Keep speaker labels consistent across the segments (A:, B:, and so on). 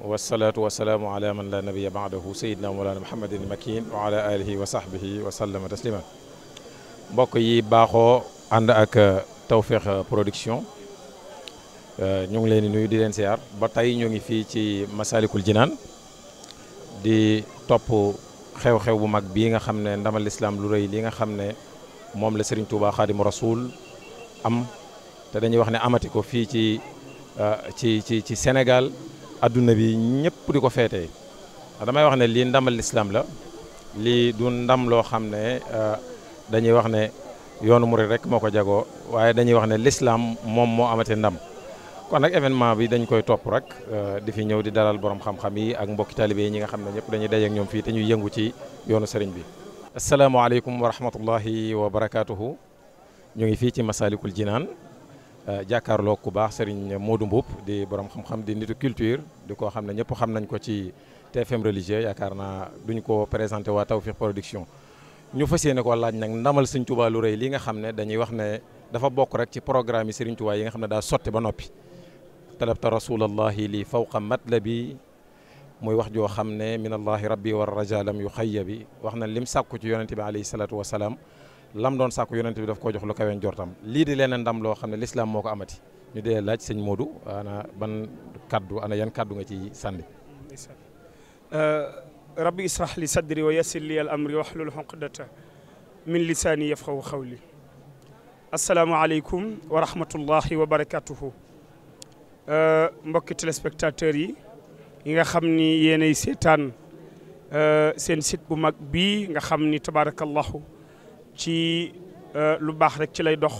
A: wasalaatu wasalaamu ala man la nabiya baadahu sayidna mawlana muhammadin makin wa ala alihi wa sahbihi wa sallama taslima mbokk yi baaxoo ànd ak Tawfekh Production ñu ngi leen di nuyu di leen siyaar ba tey ñu ngi fii ci Masalikul Jinaan di topp xew-xew bu mag bii nga xam ne ndama lislaam lu rëy li nga xam ne moom la Serigne Touba Xaadimu Rasuul am te dañuy wax ne amati ko fii ci ci ci ci Sénégal adduna bi ñëpp di ko feetee damay wax ne lii ndamal lislaam la lii du ndam loo xam ne euh, dañuy wax ne yoonu murit rek moo ko jagoo waaye dañuy wax ne lislaam moom moo amate ndam kon nag événement bi dañ koy topp rek euh, di fi ñëw di dalal borom xam-xam yi ak mbokki talibé yi ñi nga xam ne ñëpp dañuy daje ñoom fii te ñuy yëngu ci yoonu sëriñ bi. asalaamaaleykum wa rahmatullahi wa barakaatuhu ñu ngi fii ci Masalikul Jinaan Euh, jàkkaarloo ku baax sëriñ Modou Mboup di borom xam-xam di nitu culture di koo xam ne ñëpp xam nañ ko ci TFM religieux yaakaar naa duñ ko présenté waa Tawfekh Production ñu fas yéene ko laaj nag ndamal Serigne Touba lu rëy li nga xam ne dañuy wax ne dafa bokk rek ci programme yi Serigne Touba yi nga xam ne daa sotti ba noppi talabta rasulallahi li fawqa matlabi muy wax joo xam ne min allahi rabbi war raja lam yu xayya bi wax na lim sàkku ci yonente bi alayhi salatu wasalaam lam doon sàkku yonent bi daf koo jox lu kawe njortam lii de leneen ndam loo xam ne lislaam moo ko amati ñu dee laaj sëñ Modou ana ban kaddu ana yan kaddu nga ci sànni. rabbi israh li sadri wa yassir li al amri wahlul
B: uqdata min lisaani yafqahu qawli asalaamaaleykum wa rahmatullahi wa barakatuhu euh, mbokki téléspectateurs yi yi nga xam ni yéenay seetaan euh, seen site bu mag bii nga xam ni tabaarakallahu ci euh, lu baax rek ci lay dox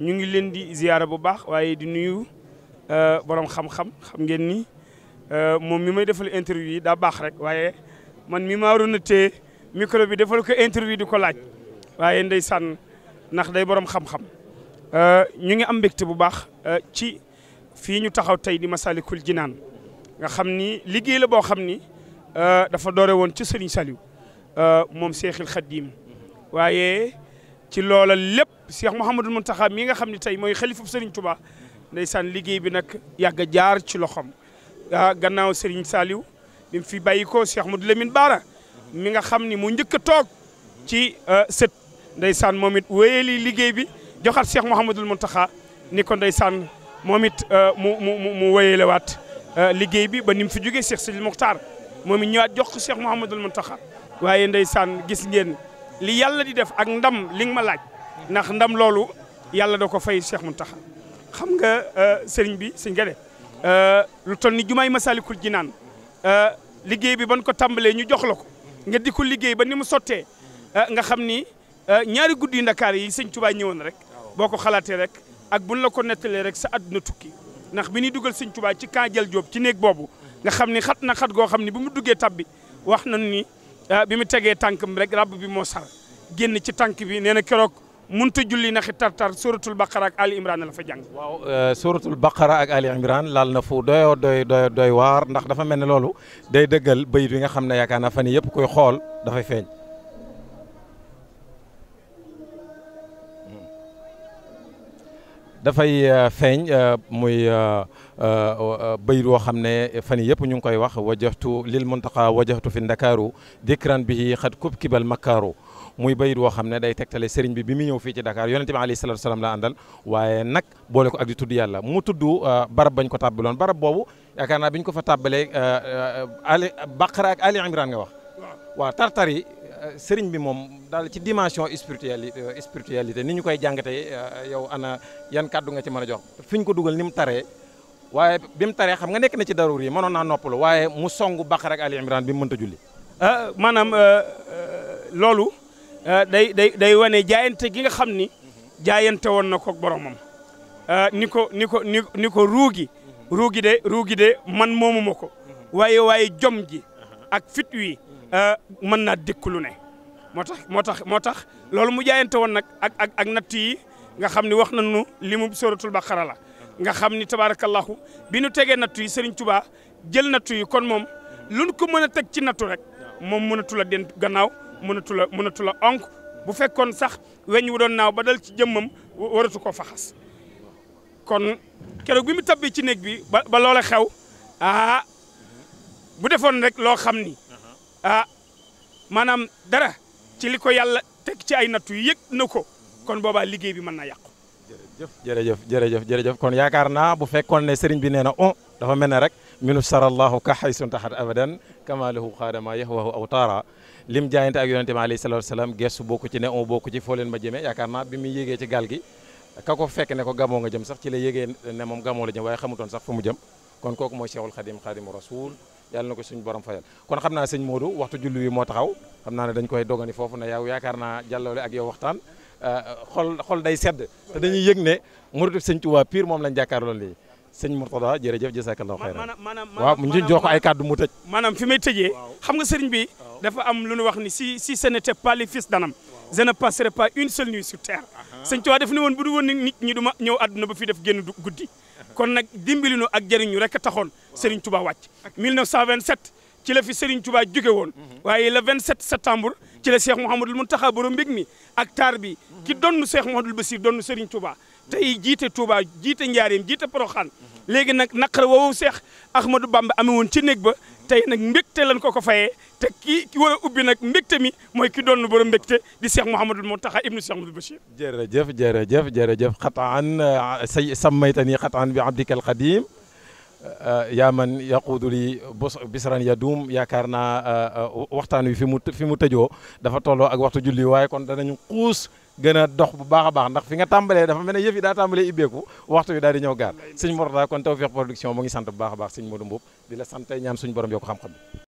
B: ñu ngi leen di ziyaara bu baax waaye di nuyu euh, borom xam-xam xam ngeen ni euh, moom mi may defal interview yi daa baax rek waaye man mi maa waroon a téye micro bi defal ko interview di ko laaj waaye ndeysaan ndax day borom xam-xam ñu ngi am mbégte bu baax ci fii ñu taxaw tey di Massalikul Jinaan nga xam ni liggéey la boo xam ni dafa doore woon ci Serigne Saliou moom Seexul Xadiim waaye ci loola lépp Cheikh Mouhamadul Mountakha mii nga xam ni tey mooy xalifa Serigne Touba ndeysaan liggéey bi nag yàgg a jaar ci loxoom ah gannaaw Serigne Saliou bi mu fi bàyyi ko Cheikh Modou Lamine Bara mi nga xam ni mu njëkk a toog ci ah, sët ndeysaan moom it wéyali liggéey bi joxat Cheikh Mouhamadul Mountakha ni ko ndeysaan moom it ah, mu mu mu mu ah, liggéey bi ba ni mu fi jógee Cheikh Sidil Mokhtar moom it ñëwaat jox ko Cheikh Mouhamadul taxa waaye ndeysaan gis ngeen. li yàlla di def ak ndam li nga ma laaj ndax ndam loolu yàlla da ko fay mu tax xam nga euh, sëriñ bi sëñ Gade euh, lu toll ni jumaay Masalikul Jinaan euh, liggéey bi ban ko tàmbalee ñu jox la ko nga di ko liggéey ba ni mu sottee nga xam ni ñaari guddi Ndakaar yi sëñ Touba ñëwoon rek boo ko xalaatee rek ak buñ la ko nettalee rek sa àdduna tukki ndax bi ñuy dugal sëñ ci kan jël Jóob ci néeg boobu nga xam ni xat na xat goo xam ni bu mu duggee tab wax nañu ni Ah, bi mu tegee tànkam rek rabb bi moo sar génn ci tànk bi nee na keroog mënut a julli naxi tartar suratul baqara ak ali imran la fa jàng. waaw
A: euh, suratul baqara ak ali imran laal na fu doyoo doy doy doy waar ndax dafa mel ne loolu day dëggal bayit wi nga xam ne yaakaar naa fan yii yëpp koy xool dafay feeñ. dafay euh, feeñ euh, muy euh, bayit woo xam ne fan yii yëpp ñu ngi koy wax wajaxtu lil muntaqa wajaxtu fi ndakaaru dikran bi xat kub kibal makkaaru muy bayit woo xam ne day tegtale sëriñ bi bi mu ñëw fii ci Dakar yonente bi alayhi salaatu salaam la àndal waaye nag boole ko ak di tudd yàlla mu tudd barab bañ ko tàbbaloon barab boobu yaakaar biñ ko fa tàbbalee Ali Baqara ak Ali Imran nga wax waaw tartar yi Euh, sëriñ bi moom daal ci dimension spiritualité euh, spiritualité ni ñu koy jàngatee euh, yow ana yan kàddu nga ci mën a jox fiñ ko dugal ni mu tare waaye bi mu taree xam nga nekk na ci daruur yi mënoon naa noppalu waaye mu song Baqara ak Ali Imran bi mu mënta julli. maanaam loolu
B: day day day wane jaayante gi nga xam ni jaayante woon na ko boromam ni ko ni ko ni ni ko ruugi ruugi de ruugi de man moomu ma ko mhm. waaye waaye jom ak fit wi. Euh, mën naa dékku lu ne moo tax moo tax moo tax loolu mu jaayante woon nag ak ak ak yi nga xam ni wax nañu li mu sóoratul ba xarala nga xam ni tabaarakallahu bi nu tegee nattu yi Serigne Touba jël nattu yi kon moom luñ ko mën a teg ci nattu rek moom mënatul a den gannaaw mënatul a mënatul a onk bu fekkoon sax weñ wu doon naaw ba dal ci jëmmam waratu ko faxas kon keroog bi mu tabbi ci néeg bi ba ba xew ah bu defoon rek loo xam ni ah maanaam dara ci li ko yàlla teg ci ay nattu yëg na ko kon boobaa liggéey bi mën na yàqu.
A: jërëjëf jërëjëf jërëjëf jërëjëf kon yaakaar naa bu fekkoon ne sëriñ bi nee na on oh, dafa mel ne rek minu sarallahu ka xaysun taxat abadan kamalahu xaadama yahwahu aw taara lim jaayante ak yonente bi alayhi salatu wasalaam gestu bokku ci ne on oh, bokku ci foo ma jëmee yaakaar naa bi muy yégee ci gaal ka ko fekk ne ko gamoo nga jëm sax ci la yégee ne moom gamoo la jëm waaye xamutoon sax fu mu jëm kon kooku mooy cheikhul xadim xadimu rasul yàlla ko suñu borom fayal kon xam naa sëñ Modou waxtu julli wi moo taxaw xam naa ne dañ koy dogani foofu ne yow yaakaar naa jàllale ak yow waxtaan euh, xol xol day sedd te dañuy yëg ne muridu sëñ Tuubaa pire moom lañ nii jàkkaarloo lii sëñ Mourtada jërëjëf jazakallahu xayran waaw mu jox ko ay kàddu mu tëj
B: maanaam fi may tëjee xam nga sëriñ bi dafa am lu ñu wax ni si si ce n'était pas les fils d'Anam je ne passerai pas une seule nuit sur terre ah, ah. sëñ Tuubaa daf ne woon bu du woon ñëw àdduna ba fi def génn guddi kon nag dimbali nu ak jëriñu rek taxoon seriñ Serigne Touba wàcc 1927 ci la fi Serigne Touba jóge woon mhm. waaye le 27 septembre mhm. ci la Cheikh Mouhamadul Mountakha borom mbég mi ak taar bi mhm. ki donnu Cheikh Mouhamadul Bassir donnu seriñ Touba tey jiite Touba jiite Njaareem jiite Poroxaan léegi nag naqar woowu Cheikh Ahmadou Bamba amee woon ci néeg ba tey nag mbégte lañ ko ko fayee te ki ki war ubbi nag mbégte mi mooy ki doon borom mbégte di Cheikh Mouhamadul Mountakha ibnu Cheikh Mouhamadul Bachir
A: jërëjëf jërëjëf jërëjëf xataan ah, say sammaytani xataan bi abdikal qadim ah, yaa man yaquudu li bos bisran ya duum yaakaar naa ah, waxtaan wi fi mu fi mu tëjoo dafa tolloo ak waxtu julli waaye kon danañu xuus gën dox bu baax baax ndax fi nga tàmbalee dafa mel ne yëf yi daa tàmbalee ibbeeku waxtu wi daal di ñëw gaar sëñ Mortada kon Tawfekh Production mu ngi sant bu baax a baax sëñ Modou Mboup di la sant ñaan suñu borom yokk xam-xam